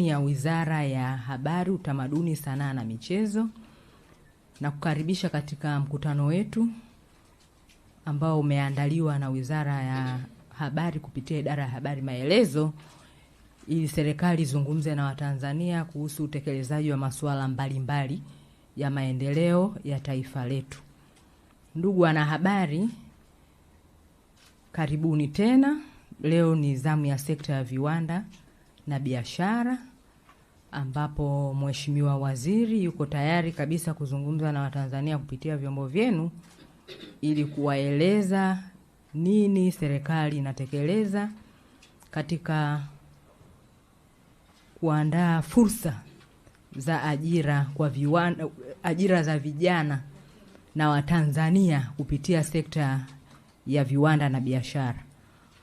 ya Wizara ya Habari, Utamaduni, Sanaa na Michezo na kukaribisha katika mkutano wetu ambao umeandaliwa na Wizara ya Habari kupitia Idara ya Habari Maelezo ili serikali izungumze na Watanzania kuhusu utekelezaji wa masuala mbalimbali ya maendeleo ya taifa letu. Ndugu wanahabari, karibuni tena. Leo ni zamu ya sekta ya viwanda na biashara ambapo Mheshimiwa Waziri yuko tayari kabisa kuzungumza na Watanzania kupitia vyombo vyenu ili kuwaeleza nini serikali inatekeleza katika kuandaa fursa za ajira kwa viwanda, ajira za vijana na Watanzania kupitia sekta ya viwanda na biashara.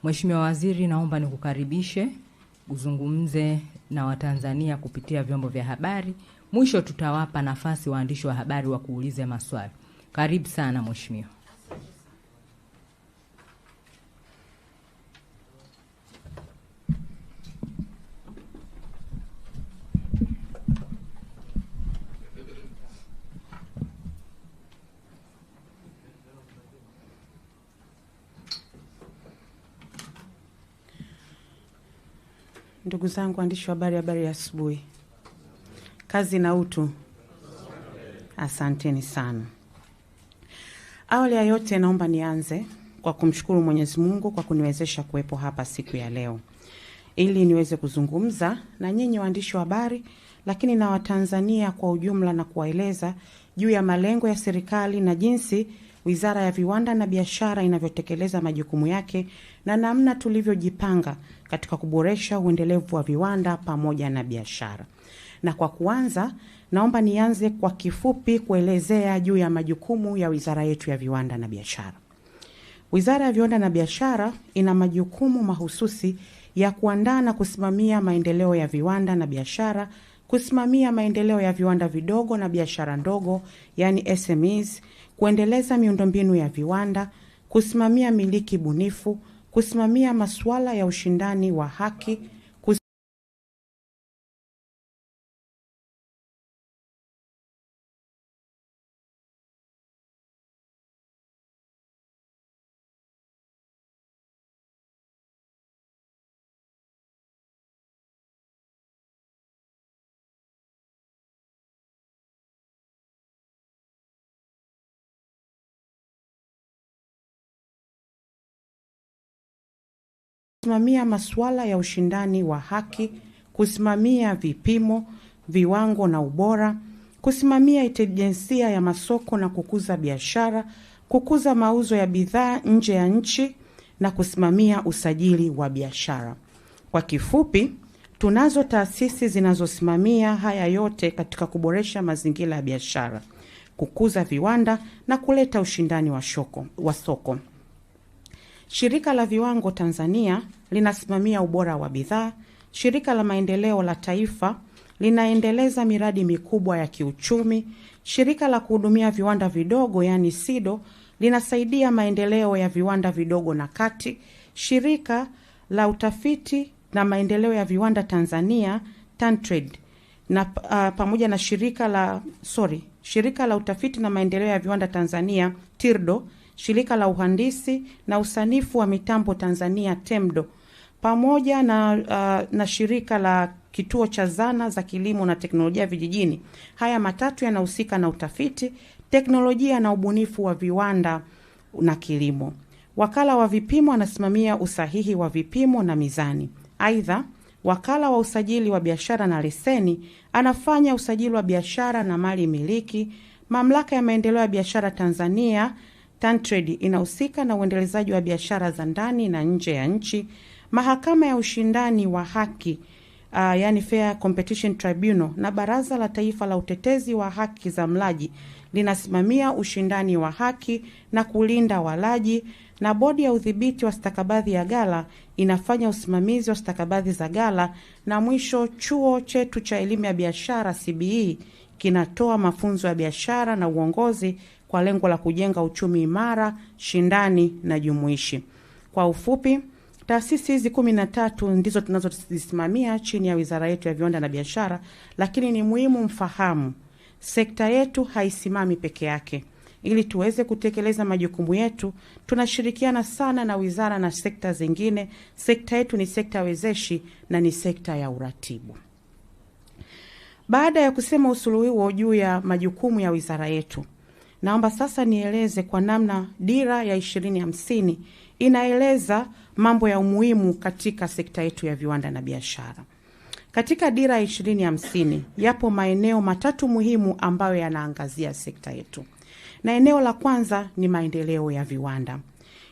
Mheshimiwa Waziri, naomba nikukaribishe uzungumze na Watanzania kupitia vyombo vya habari. Mwisho tutawapa nafasi waandishi wa habari wa kuuliza maswali. Karibu sana mweshimiwa Ndugu zangu waandishi wa habari, habari ya asubuhi. Kazi na utu, asanteni sana. Awali ya yote, naomba nianze kwa kumshukuru Mwenyezi Mungu kwa kuniwezesha kuwepo hapa siku ya leo ili niweze kuzungumza na nyinyi waandishi wa habari, lakini na Watanzania kwa ujumla na kuwaeleza juu ya malengo ya serikali na jinsi Wizara ya Viwanda na Biashara inavyotekeleza majukumu yake na namna tulivyojipanga katika kuboresha uendelevu wa viwanda pamoja na biashara. Na kwa kuanza, naomba nianze kwa kifupi kuelezea juu ya majukumu ya wizara yetu ya Viwanda na Biashara. Wizara ya Viwanda na Biashara ina majukumu mahususi ya kuandaa na kusimamia maendeleo ya viwanda na biashara kusimamia maendeleo ya viwanda vidogo na biashara ndogo, yani SMEs, kuendeleza miundombinu ya viwanda, kusimamia miliki bunifu, kusimamia masuala ya ushindani wa haki kusimamia masuala ya ushindani wa haki, kusimamia vipimo, viwango na ubora, kusimamia intelijensia ya masoko na kukuza biashara, kukuza mauzo ya bidhaa nje ya nchi na kusimamia usajili wa biashara. Kwa kifupi, tunazo taasisi zinazosimamia haya yote katika kuboresha mazingira ya biashara, kukuza viwanda na kuleta ushindani wa, shoko, wa soko. Shirika la Viwango Tanzania linasimamia ubora wa bidhaa. Shirika la Maendeleo la Taifa linaendeleza miradi mikubwa ya kiuchumi. Shirika la kuhudumia viwanda vidogo yani SIDO linasaidia maendeleo ya viwanda vidogo na kati. Shirika la Utafiti na Maendeleo ya Viwanda Tanzania TanTrade na uh, pamoja na shirika la sorry, shirika la Utafiti na Maendeleo ya Viwanda Tanzania TIRDO shirika la uhandisi na usanifu wa mitambo Tanzania TEMDO pamoja na, uh, na shirika la kituo cha zana za kilimo na teknolojia vijijini. Haya matatu yanahusika na utafiti, teknolojia na ubunifu wa viwanda na kilimo. Wakala wa vipimo anasimamia usahihi wa vipimo na mizani. Aidha, wakala wa usajili wa biashara na leseni anafanya usajili wa biashara na mali miliki. Mamlaka ya maendeleo ya biashara Tanzania TanTrade inahusika na uendelezaji wa biashara za ndani na nje ya nchi. Mahakama ya ushindani wa haki uh, yani Fair Competition Tribunal na Baraza la Taifa la Utetezi wa Haki za Mlaji linasimamia ushindani wa haki na kulinda walaji, na bodi ya udhibiti wa stakabadhi ya gala inafanya usimamizi wa stakabadhi za gala Na mwisho, chuo chetu cha elimu ya biashara CBE kinatoa mafunzo ya biashara na uongozi kwa lengo la kujenga uchumi imara, shindani na jumuishi. Kwa ufupi, taasisi hizi kumi na tatu ndizo tunazozisimamia chini ya wizara yetu ya viwanda na biashara, lakini ni muhimu mfahamu sekta yetu haisimami peke yake. Ili tuweze kutekeleza majukumu yetu, tunashirikiana sana na wizara na sekta zingine. Sekta yetu ni sekta wezeshi na ni sekta ya uratibu. Baada ya kusema usuluhi huo juu ya majukumu ya wizara yetu, Naomba sasa nieleze kwa namna dira ya 2050 inaeleza mambo ya umuhimu katika sekta yetu ya viwanda na biashara. Katika dira ya 2050 yapo maeneo matatu muhimu ambayo yanaangazia sekta yetu, na eneo la kwanza ni maendeleo ya viwanda.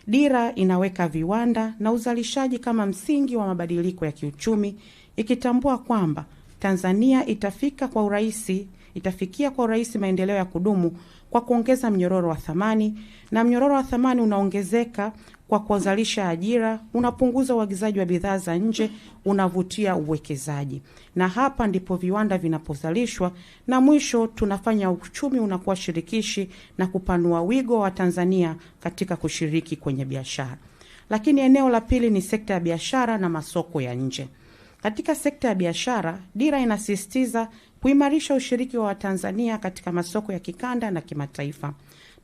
Dira inaweka viwanda na uzalishaji kama msingi wa mabadiliko ya kiuchumi, ikitambua kwamba Tanzania itafika kwa urahisi, itafikia kwa urahisi maendeleo ya kudumu kwa kuongeza mnyororo wa thamani, na mnyororo wa thamani unaongezeka kwa kuzalisha ajira, unapunguza uagizaji wa bidhaa za nje, unavutia uwekezaji, na hapa ndipo viwanda vinapozalishwa, na mwisho tunafanya uchumi unakuwa shirikishi na kupanua wigo wa Tanzania katika kushiriki kwenye biashara. Lakini eneo la pili ni sekta ya biashara na masoko ya nje. Katika sekta ya biashara, dira inasisitiza kuimarisha ushiriki wa Watanzania katika masoko ya kikanda na kimataifa.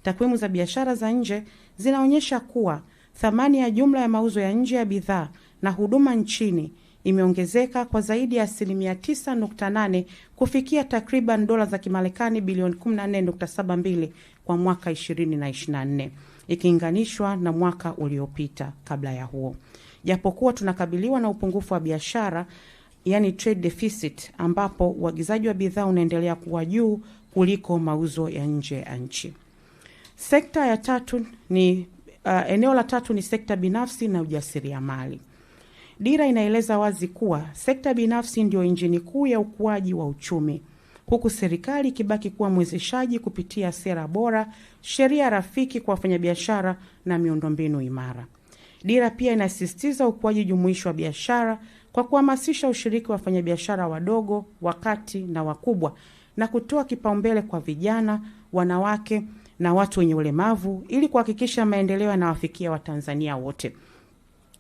Takwimu za biashara za nje zinaonyesha kuwa thamani ya jumla ya mauzo ya nje ya bidhaa na huduma nchini imeongezeka kwa zaidi ya asilimia 9.8 kufikia takriban dola za Kimarekani bilioni 14.72 kwa mwaka 2024 ikilinganishwa na mwaka uliopita kabla ya huo. Japokuwa tunakabiliwa na upungufu wa biashara yani trade deficit, ambapo uagizaji wa bidhaa unaendelea kuwa juu kuliko mauzo ya nje ya nchi. Sekta ya tatu ni uh, eneo la tatu ni sekta binafsi na ujasiriamali. Dira inaeleza wazi kuwa sekta binafsi ndio injini kuu ya ukuaji wa uchumi huku serikali ikibaki kuwa mwezeshaji kupitia sera bora, sheria rafiki kwa wafanyabiashara na miundombinu imara. Dira pia inasisitiza ukuaji jumuishi wa biashara kwa kuhamasisha ushiriki wa wafanyabiashara wadogo, wakati na wakubwa na kutoa kipaumbele kwa vijana, wanawake na watu wenye ulemavu ili kuhakikisha maendeleo yanawafikia Watanzania wote.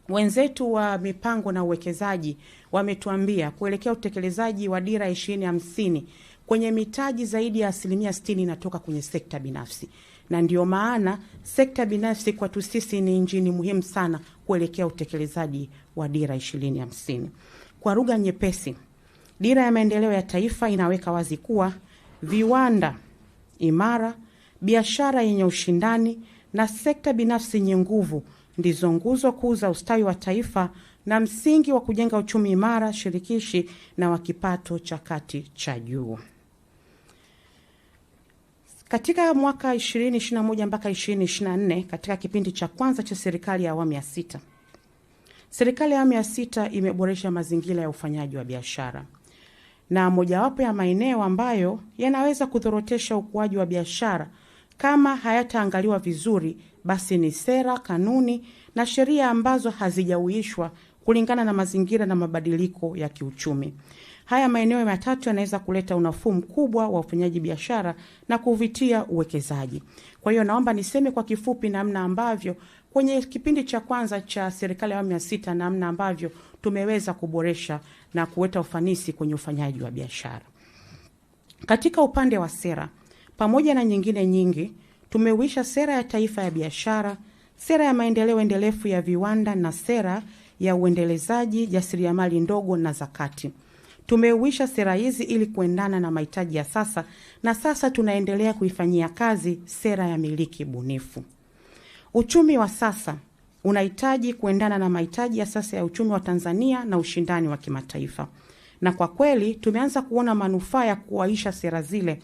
Wenzetu wa mipango na uwekezaji wametuambia kuelekea utekelezaji wa Dira ishirini hamsini kwenye mitaji zaidi ya asilimia sitini inatoka kwenye sekta binafsi na ndio maana sekta binafsi kwatu sisi ni injini muhimu sana kuelekea utekelezaji wa Dira 2050. Kwa rugha nyepesi, Dira ya Maendeleo ya Taifa inaweka wazi kuwa viwanda imara, biashara yenye ushindani na sekta binafsi yenye nguvu ndizo nguzo kuu za ustawi wa taifa na msingi wa kujenga uchumi imara, shirikishi na wa kipato cha kati cha juu. Katika mwaka 2021 mpaka 2024, katika kipindi cha kwanza cha serikali ya awamu ya sita, serikali ya awamu ya sita imeboresha mazingira ya ufanyaji wa biashara, na mojawapo ya maeneo ambayo yanaweza kudhorotesha ukuaji wa biashara kama hayataangaliwa vizuri, basi ni sera, kanuni na sheria ambazo hazijauishwa kulingana na mazingira na mabadiliko ya kiuchumi. Haya maeneo matatu yanaweza kuleta unafuu mkubwa wa ufanyaji biashara na kuvutia uwekezaji. Kwa hiyo naomba niseme kwa kifupi namna ambavyo kwenye kipindi cha kwanza cha serikali ya awamu ya sita namna ambavyo tumeweza kuboresha na kuweta ufanisi kwenye ufanyaji wa biashara. Katika upande wa sera, pamoja na nyingine nyingi, tumeuisha sera ya taifa ya biashara, sera ya maendeleo endelevu ya viwanda na sera ya uendelezaji jasiriamali ndogo na za kati. Tumeuisha sera hizi ili kuendana na mahitaji ya sasa, na sasa tunaendelea kuifanyia kazi sera ya miliki bunifu. Uchumi wa sasa unahitaji kuendana na mahitaji ya sasa ya uchumi wa Tanzania na ushindani wa kimataifa, na kwa kweli tumeanza kuona manufaa ya kuwaisha sera zile,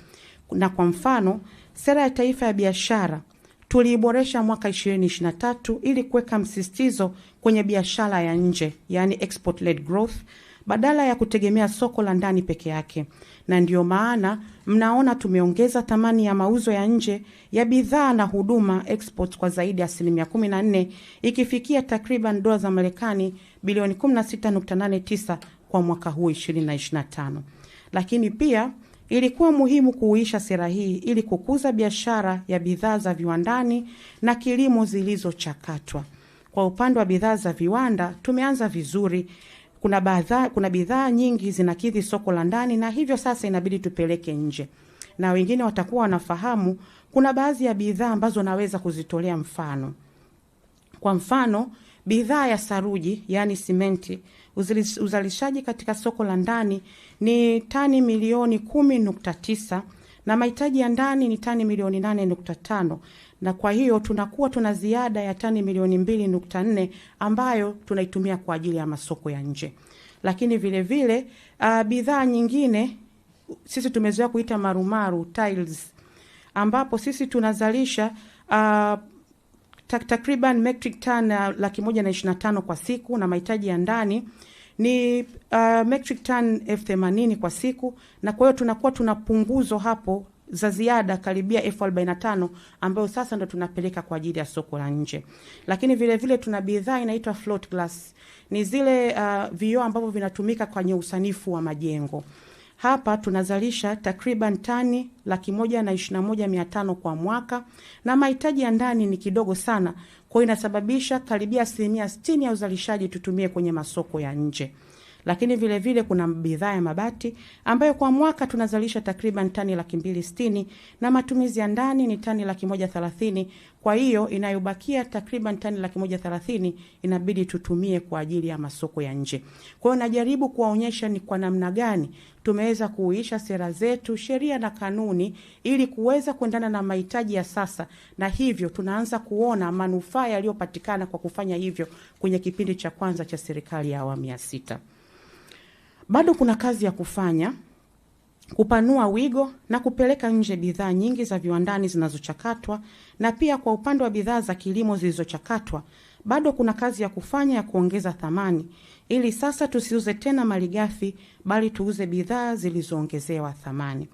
na kwa mfano sera ya taifa ya biashara tuliiboresha mwaka 2023 ili kuweka msisitizo kwenye biashara ya nje, yani export led growth badala ya kutegemea soko la ndani peke yake, na ndiyo maana mnaona tumeongeza thamani ya mauzo ya nje ya bidhaa na huduma export kwa zaidi ya asilimia 14 ikifikia takriban dola za Marekani bilioni 16.89 kwa mwaka huu 2025. Lakini pia ilikuwa muhimu kuuisha sera hii ili kukuza biashara ya bidhaa za viwandani na kilimo zilizochakatwa. Kwa upande wa bidhaa za viwanda tumeanza vizuri, kuna bidhaa kuna bidhaa nyingi zinakidhi soko la ndani, na hivyo sasa inabidi tupeleke nje, na wengine watakuwa wanafahamu. Kuna baadhi ya bidhaa ambazo naweza kuzitolea mfano. Kwa mfano, bidhaa ya saruji, yaani simenti, uzalishaji katika soko la ndani ni tani milioni kumi nukta tisa na mahitaji ya ndani ni tani milioni 8.5 na kwa hiyo tunakuwa tuna ziada ya tani milioni 2.4 ambayo tunaitumia kwa ajili ya masoko ya nje. Lakini vilevile uh, ah, bidhaa nyingine sisi tumezoea kuita marumaru tiles, ambapo sisi tunazalisha uh, takriban metric ton ah, laki moja na ishirini na tano kwa siku na mahitaji ya ndani ni uh, metric ton elfu themanini kwa siku, na kwa hiyo tunakuwa tuna punguzo hapo za ziada karibia elfu arobaini na tano ambayo sasa ndo tunapeleka kwa ajili ya soko la nje. Lakini vilevile vile tuna bidhaa inaitwa float glass, ni zile uh, vioo ambavyo vinatumika kwenye usanifu wa majengo. Hapa tunazalisha takriban tani laki moja na ishirini na moja mia tano kwa mwaka, na mahitaji ya ndani ni kidogo sana, kwao inasababisha karibia asilimia sitini ya uzalishaji tutumie kwenye masoko ya nje lakini vilevile vile kuna bidhaa ya mabati ambayo kwa mwaka tunazalisha takriban tani laki mbili sitini na matumizi ya ndani ni tani laki moja thelathini. Kwa hiyo inayobakia takriban tani laki moja thelathini inabidi tutumie kwa ajili ya masoko ya nje. Kwa hiyo najaribu kuwaonyesha ni kwa namna gani tumeweza kuuisha sera zetu, sheria na kanuni ili kuweza kuendana na mahitaji ya sasa, na hivyo tunaanza kuona manufaa yaliyopatikana kwa kufanya hivyo kwenye kipindi cha kwanza cha serikali ya awamu ya sita. Bado kuna kazi ya kufanya kupanua wigo na kupeleka nje bidhaa nyingi za viwandani zinazochakatwa na pia kwa upande wa bidhaa za kilimo zilizochakatwa bado kuna kazi ya kufanya ya kuongeza thamani ili sasa tusiuze tena gafi bali tuuze bidhaa zilizoongezewa thamani.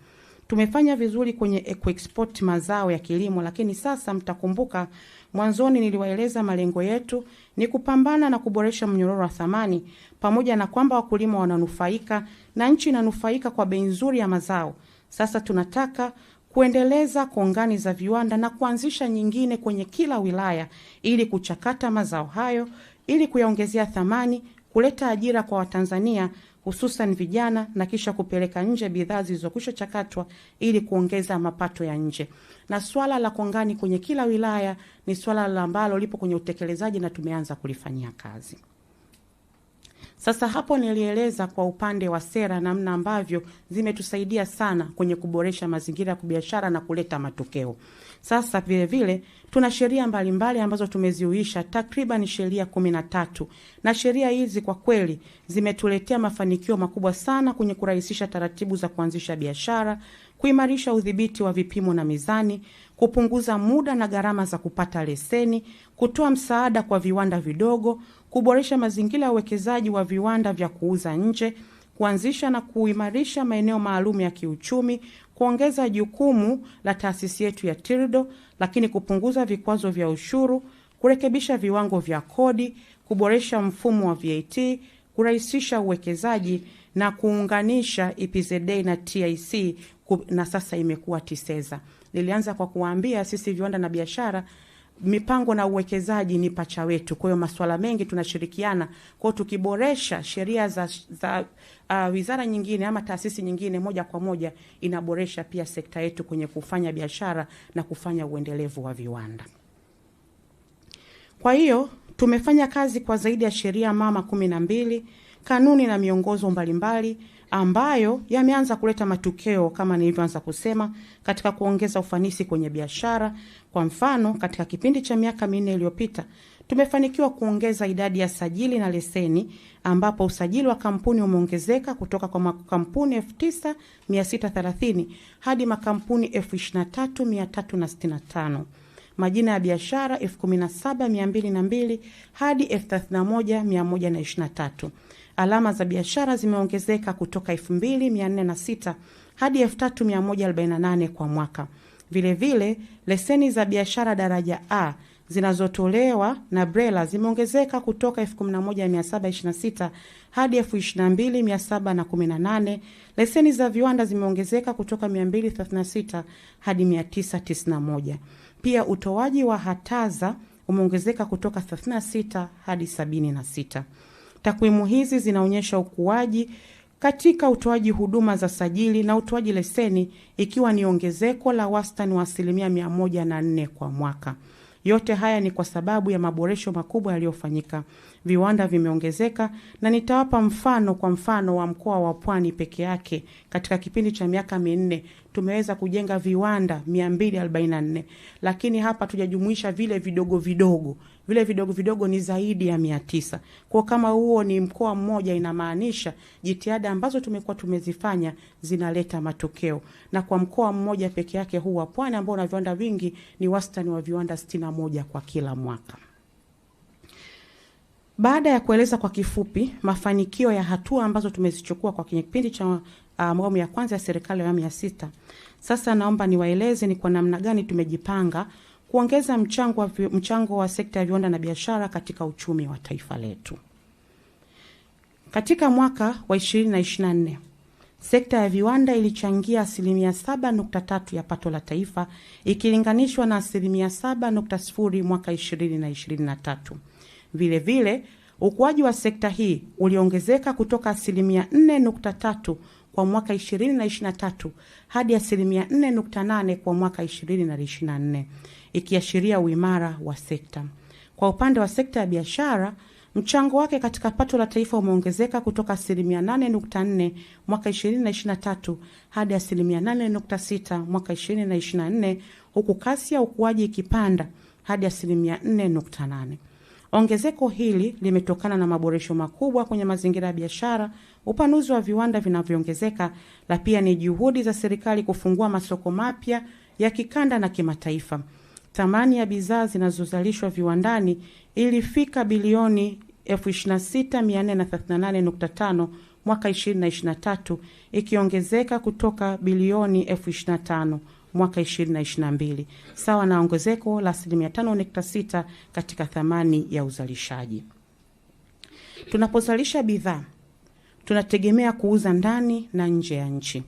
Tumefanya vizuri kwenye kuexpot mazao ya kilimo, lakini sasa mtakumbuka Mwanzoni niliwaeleza malengo yetu ni kupambana na kuboresha mnyororo wa thamani, pamoja na kwamba wakulima wananufaika na nchi inanufaika kwa bei nzuri ya mazao. Sasa tunataka kuendeleza kongani za viwanda na kuanzisha nyingine kwenye kila wilaya ili kuchakata mazao hayo ili kuyaongezea thamani, kuleta ajira kwa Watanzania hususan vijana na kisha kupeleka nje bidhaa zilizokwisha chakatwa ili kuongeza mapato ya nje na swala la kongani kwenye kila wilaya ni swala ambalo lipo kwenye utekelezaji na tumeanza kulifanyia kazi. Sasa hapo nilieleza kwa upande wa sera namna ambavyo zimetusaidia sana kwenye kuboresha mazingira ya kibiashara na kuleta matokeo. Sasa vilevile tuna sheria mbalimbali ambazo tumeziuisha takriban sheria kumi na tatu, na sheria hizi kwa kweli zimetuletea mafanikio makubwa sana kwenye kurahisisha taratibu za kuanzisha biashara kuimarisha udhibiti wa vipimo na mizani, kupunguza muda na gharama za kupata leseni, kutoa msaada kwa viwanda vidogo, kuboresha mazingira ya uwekezaji wa viwanda vya kuuza nje, kuanzisha na kuimarisha maeneo maalum ya kiuchumi, kuongeza jukumu la taasisi yetu ya TIRDO, lakini kupunguza vikwazo vya ushuru, kurekebisha viwango vya kodi, kuboresha mfumo wa VAT, kurahisisha uwekezaji na kuunganisha EPZA na TIC na sasa imekuwa Tiseza. Nilianza kwa kuwaambia sisi viwanda na biashara mipango na uwekezaji ni pacha wetu, kwa hiyo masuala mengi tunashirikiana. kwao, tukiboresha sheria za, za uh, wizara nyingine ama taasisi nyingine, moja kwa moja inaboresha pia sekta yetu kwenye kufanya biashara na kufanya uendelevu wa viwanda. Kwa hiyo tumefanya kazi kwa zaidi ya sheria mama kumi na mbili, kanuni na miongozo mbalimbali mbali, ambayo yameanza kuleta matokeo kama nilivyoanza kusema katika kuongeza ufanisi kwenye biashara. Kwa mfano, katika kipindi cha miaka minne iliyopita tumefanikiwa kuongeza idadi ya sajili na leseni ambapo usajili wa kampuni umeongezeka kutoka kwa makampuni 9630 hadi makampuni 23365, majina ya biashara 17202 hadi 31123 alama za biashara zimeongezeka kutoka 2406 hadi 3148 kwa mwaka. Vilevile vile, leseni za biashara daraja A zinazotolewa na BRELA zimeongezeka kutoka 11726 hadi 22718. Leseni za viwanda zimeongezeka kutoka 236 hadi 991. Pia utoaji wa hataza umeongezeka kutoka 36 hadi 76. Takwimu hizi zinaonyesha ukuaji katika utoaji huduma za sajili na utoaji leseni ikiwa ni ongezeko la wastani wa asilimia 14 kwa mwaka. Yote haya ni kwa sababu ya maboresho makubwa yaliyofanyika. Viwanda vimeongezeka na nitawapa mfano. Kwa mfano wa mkoa wa Pwani peke yake, katika kipindi cha miaka minne tumeweza kujenga viwanda 244, lakini hapa tujajumuisha vile vidogo vidogo vile vidogo vidogo ni zaidi ya mia tisa. kwao kama huo ni mkoa mmoja, inamaanisha jitihada ambazo tumekuwa tumezifanya zinaleta matokeo, na kwa mkoa mmoja peke yake huu wa Pwani ambao una viwanda vingi ni wastani wa viwanda sitini na moja kwa kila mwaka. Baada ya kueleza kwa kifupi mafanikio ya hatua ambazo tumezichukua kwa kenye kipindi cha ah, awamu uh, ya kwanza ya serikali ya awamu ya sita, sasa naomba niwaeleze ni kwa namna gani tumejipanga kuongeza mchango wa, mchango wa sekta ya viwanda na biashara katika uchumi wa taifa letu. Katika mwaka wa 2024 sekta ya viwanda ilichangia asilimia 7.3 ya pato la taifa ikilinganishwa na asilimia 7.0 mwaka 2023. Vile vile ukuaji wa sekta hii uliongezeka kutoka asilimia 4.3 kwa mwaka 2023 hadi asilimia 4.8 kwa mwaka 2024, ikiashiria uimara wa sekta. Kwa upande wa sekta ya biashara, mchango wake katika pato la taifa umeongezeka kutoka asilimia 8.4 mwaka 2023 hadi asilimia 8.6 mwaka 2024, huku kasi ya ukuaji ikipanda hadi asilimia 4.8. Ongezeko hili limetokana na maboresho makubwa kwenye mazingira ya biashara, upanuzi wa viwanda vinavyoongezeka, na pia ni juhudi za serikali kufungua masoko mapya ya kikanda na kimataifa. Thamani ya bidhaa zinazozalishwa viwandani ilifika bilioni 26438.5 mwaka 2023 ikiongezeka kutoka bilioni 25 mwaka 2022 sawa na ongezeko la asilimia 5.6 katika thamani ya uzalishaji. Tunapozalisha bidhaa tunategemea kuuza ndani na nje ya nchi.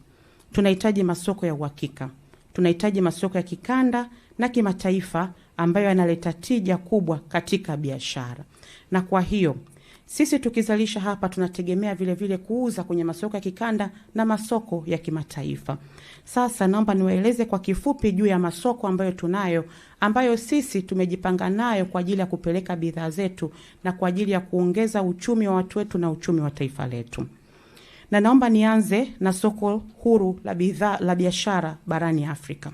Tunahitaji masoko ya uhakika, tunahitaji masoko ya kikanda na kimataifa ambayo yanaleta tija kubwa katika biashara, na kwa hiyo sisi tukizalisha hapa tunategemea vilevile vile kuuza kwenye masoko ya kikanda na masoko ya kimataifa. Sasa naomba niwaeleze kwa kifupi juu ya masoko ambayo tunayo, ambayo sisi tumejipanga nayo kwa ajili ya kupeleka bidhaa zetu na kwa ajili ya kuongeza uchumi wa watu wetu na uchumi wa taifa letu. Na naomba nianze na soko huru la bidhaa la biashara barani Afrika.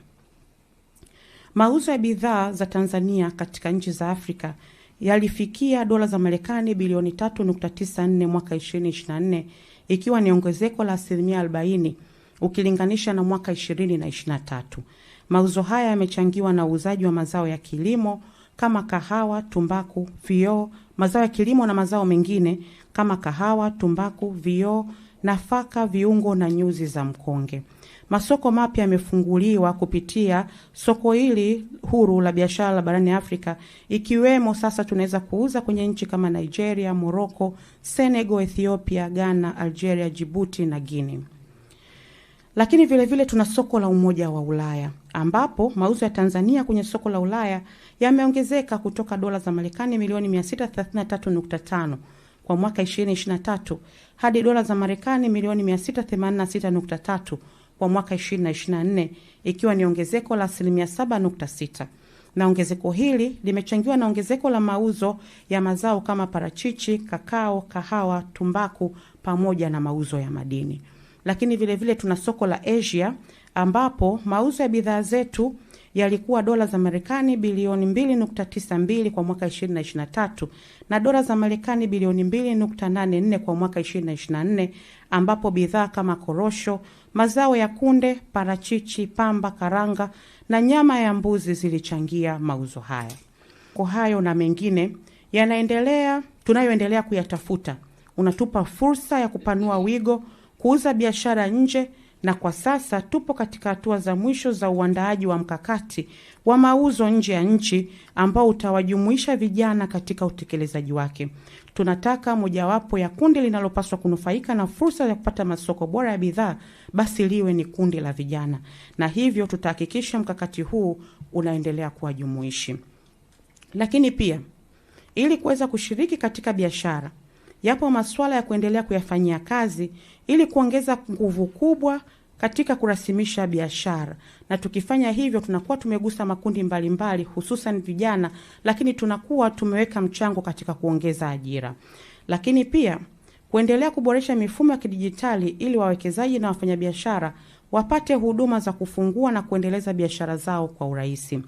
Mauzo ya bidhaa za Tanzania katika nchi za Afrika yalifikia dola za Marekani bilioni 3.94 mwaka 2024 ikiwa ni ongezeko la asilimia 40 ukilinganisha na mwaka 2023. Mauzo haya yamechangiwa na uuzaji wa mazao ya kilimo kama kahawa, tumbaku, vioo, mazao ya kilimo na mazao mengine kama kahawa, tumbaku, vioo, nafaka, viungo na nyuzi za mkonge. Masoko mapya yamefunguliwa kupitia soko hili huru la biashara barani Afrika, ikiwemo sasa tunaweza kuuza kwenye nchi kama Nigeria, Morocco, Senegal, Ethiopia, Ghana, Algeria, Djibouti na Guinea. Lakini vilevile vile tuna soko la Umoja wa Ulaya ambapo mauzo ya Tanzania kwenye soko la Ulaya yameongezeka kutoka dola za Marekani milioni 633.5 kwa mwaka 2023 hadi dola za Marekani milioni 686.3 kwa mwaka 2024 ikiwa ni ongezeko la asilimia 7.6 na ongezeko hili limechangiwa na ongezeko la mauzo ya mazao kama parachichi, kakao, kahawa, tumbaku pamoja na mauzo ya madini. Lakini vilevile vile tuna soko la Asia ambapo mauzo ya bidhaa zetu yalikuwa dola za Marekani bilioni 2.92 kwa mwaka 2023 na dola za Marekani bilioni 2.84 kwa mwaka 2024, ambapo bidhaa kama korosho, mazao ya kunde, parachichi, pamba, karanga na nyama ya mbuzi zilichangia mauzo haya. Kwa hayo na mengine yanaendelea tunayoendelea kuyatafuta, unatupa fursa ya kupanua wigo, kuuza biashara nje na kwa sasa tupo katika hatua za mwisho za uandaaji wa mkakati wa mauzo nje ya nchi ambao utawajumuisha vijana katika utekelezaji wake. Tunataka mojawapo ya kundi linalopaswa kunufaika na fursa ya kupata masoko bora ya bidhaa basi liwe ni kundi la vijana, na hivyo tutahakikisha mkakati huu unaendelea kuwa jumuishi. Lakini pia ili kuweza kushiriki katika biashara yapo masuala ya kuendelea kuyafanyia kazi ili kuongeza nguvu kubwa katika kurasimisha biashara, na tukifanya hivyo tunakuwa tumegusa makundi mbalimbali, hususan vijana, lakini tunakuwa tumeweka mchango katika kuongeza ajira, lakini pia kuendelea kuboresha mifumo ya kidijitali ili wawekezaji na wafanyabiashara wapate huduma za kufungua na kuendeleza biashara zao kwa urahisi.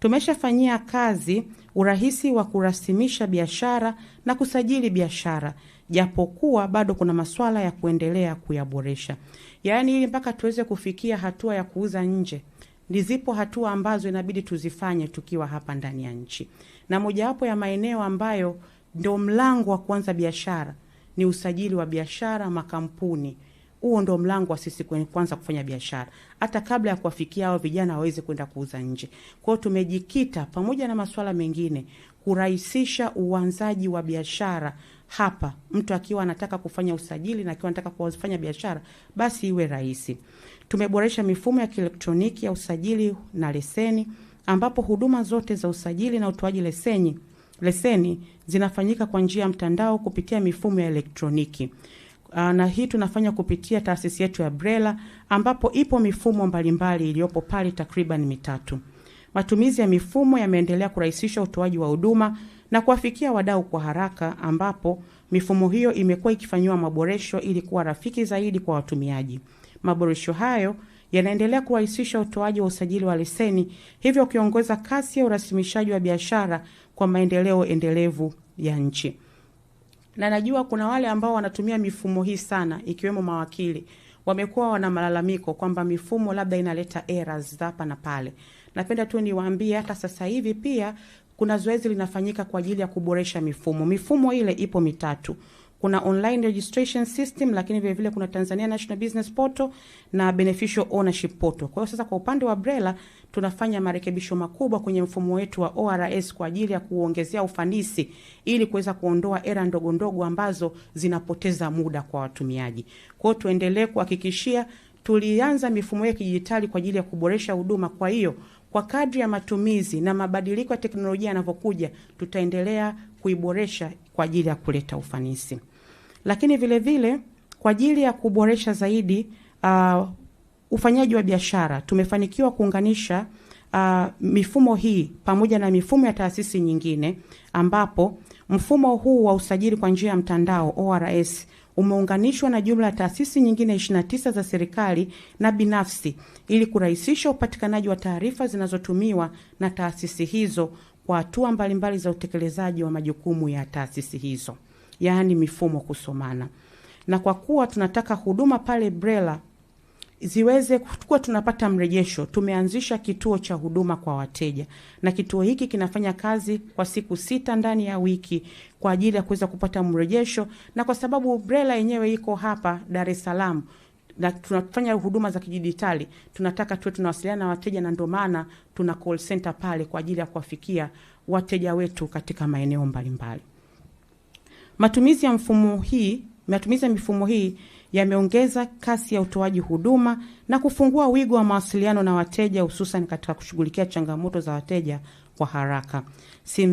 Tumeshafanyia kazi urahisi wa kurasimisha biashara na kusajili biashara, japokuwa bado kuna maswala ya kuendelea kuyaboresha, yaani ili mpaka tuweze kufikia hatua ya kuuza nje ni zipo hatua ambazo inabidi tuzifanye tukiwa hapa ndani ya nchi, na mojawapo ya maeneo ambayo ndio mlango wa kuanza biashara ni usajili wa biashara makampuni huo ndo mlango wa sisi kwanza kufanya biashara, hata kabla ya kuwafikia hao vijana waweze kwenda kuuza nje. kwao tumejikita pamoja na masuala mengine kurahisisha uanzaji wa biashara hapa. Mtu akiwa anataka kufanya usajili na akiwa anataka kufanya biashara, basi iwe rahisi. Tumeboresha mifumo ya kielektroniki ya usajili na leseni, ambapo huduma zote za usajili na utoaji leseni leseni zinafanyika kwa njia ya mtandao kupitia mifumo ya elektroniki. Uh, na hii tunafanya kupitia taasisi yetu ya BRELA ambapo ipo mifumo mbalimbali iliyopo pale takriban mitatu. Matumizi ya mifumo yameendelea kurahisisha utoaji wa huduma na kuwafikia wadau kwa haraka, ambapo mifumo hiyo imekuwa ikifanyiwa maboresho ili kuwa rafiki zaidi kwa watumiaji. Maboresho hayo yanaendelea kurahisisha utoaji wa usajili wa leseni, hivyo ukiongeza kasi ya urasimishaji wa biashara kwa maendeleo endelevu ya nchi na najua kuna wale ambao wanatumia mifumo hii sana, ikiwemo mawakili wamekuwa wana malalamiko kwamba mifumo labda inaleta errors hapa na pale. Napenda tu niwaambie hata sasa hivi pia kuna zoezi linafanyika kwa ajili ya kuboresha mifumo. Mifumo ile ipo mitatu kuna online registration system, lakini vile vile kuna Tanzania National Business Portal na Beneficial Ownership Portal. Kwa hiyo sasa, kwa upande wa BRELA tunafanya marekebisho makubwa kwenye mfumo wetu wa ORS kwa ajili ya kuongezea ufanisi ili kuweza kuondoa era ndogo ndogo ambazo zinapoteza muda kwa watumiaji. Kwa hiyo tuendelee kuhakikishia tulianza mifumo ya kidijitali kwa ajili ya kuboresha huduma. Kwa hiyo kwa kadri ya matumizi na mabadiliko ya teknolojia yanavyokuja, tutaendelea kuiboresha kwa ajili ya kuleta ufanisi lakini vilevile vile, kwa ajili ya kuboresha zaidi uh, ufanyaji wa biashara tumefanikiwa kuunganisha uh, mifumo hii pamoja na mifumo ya taasisi nyingine, ambapo mfumo huu wa usajili kwa njia ya mtandao ORS umeunganishwa na jumla ya taasisi nyingine 29 za serikali na binafsi ili kurahisisha upatikanaji wa taarifa zinazotumiwa na taasisi hizo kwa hatua mbalimbali za utekelezaji wa majukumu ya taasisi hizo yaani mifumo kusomana. Na kwa kuwa tunataka huduma pale BRELA ziweze kuwa tunapata mrejesho, tumeanzisha kituo cha huduma kwa wateja, na kituo hiki kinafanya kazi kwa siku sita ndani ya wiki kwa ajili ya kuweza kupata mrejesho. Na kwa sababu BRELA yenyewe iko hapa Dar es Salaam na tunafanya huduma za kidijitali, tunataka tuwe tunawasiliana na wateja, na ndio maana tuna call center pale kwa ajili ya kuwafikia wateja wetu katika maeneo mbalimbali. Matumizi ya mfumo hii, matumizi ya mifumo hii yameongeza kasi ya utoaji huduma na kufungua wigo wa mawasiliano na wateja, hususan katika kushughulikia changamoto za wateja kwa haraka.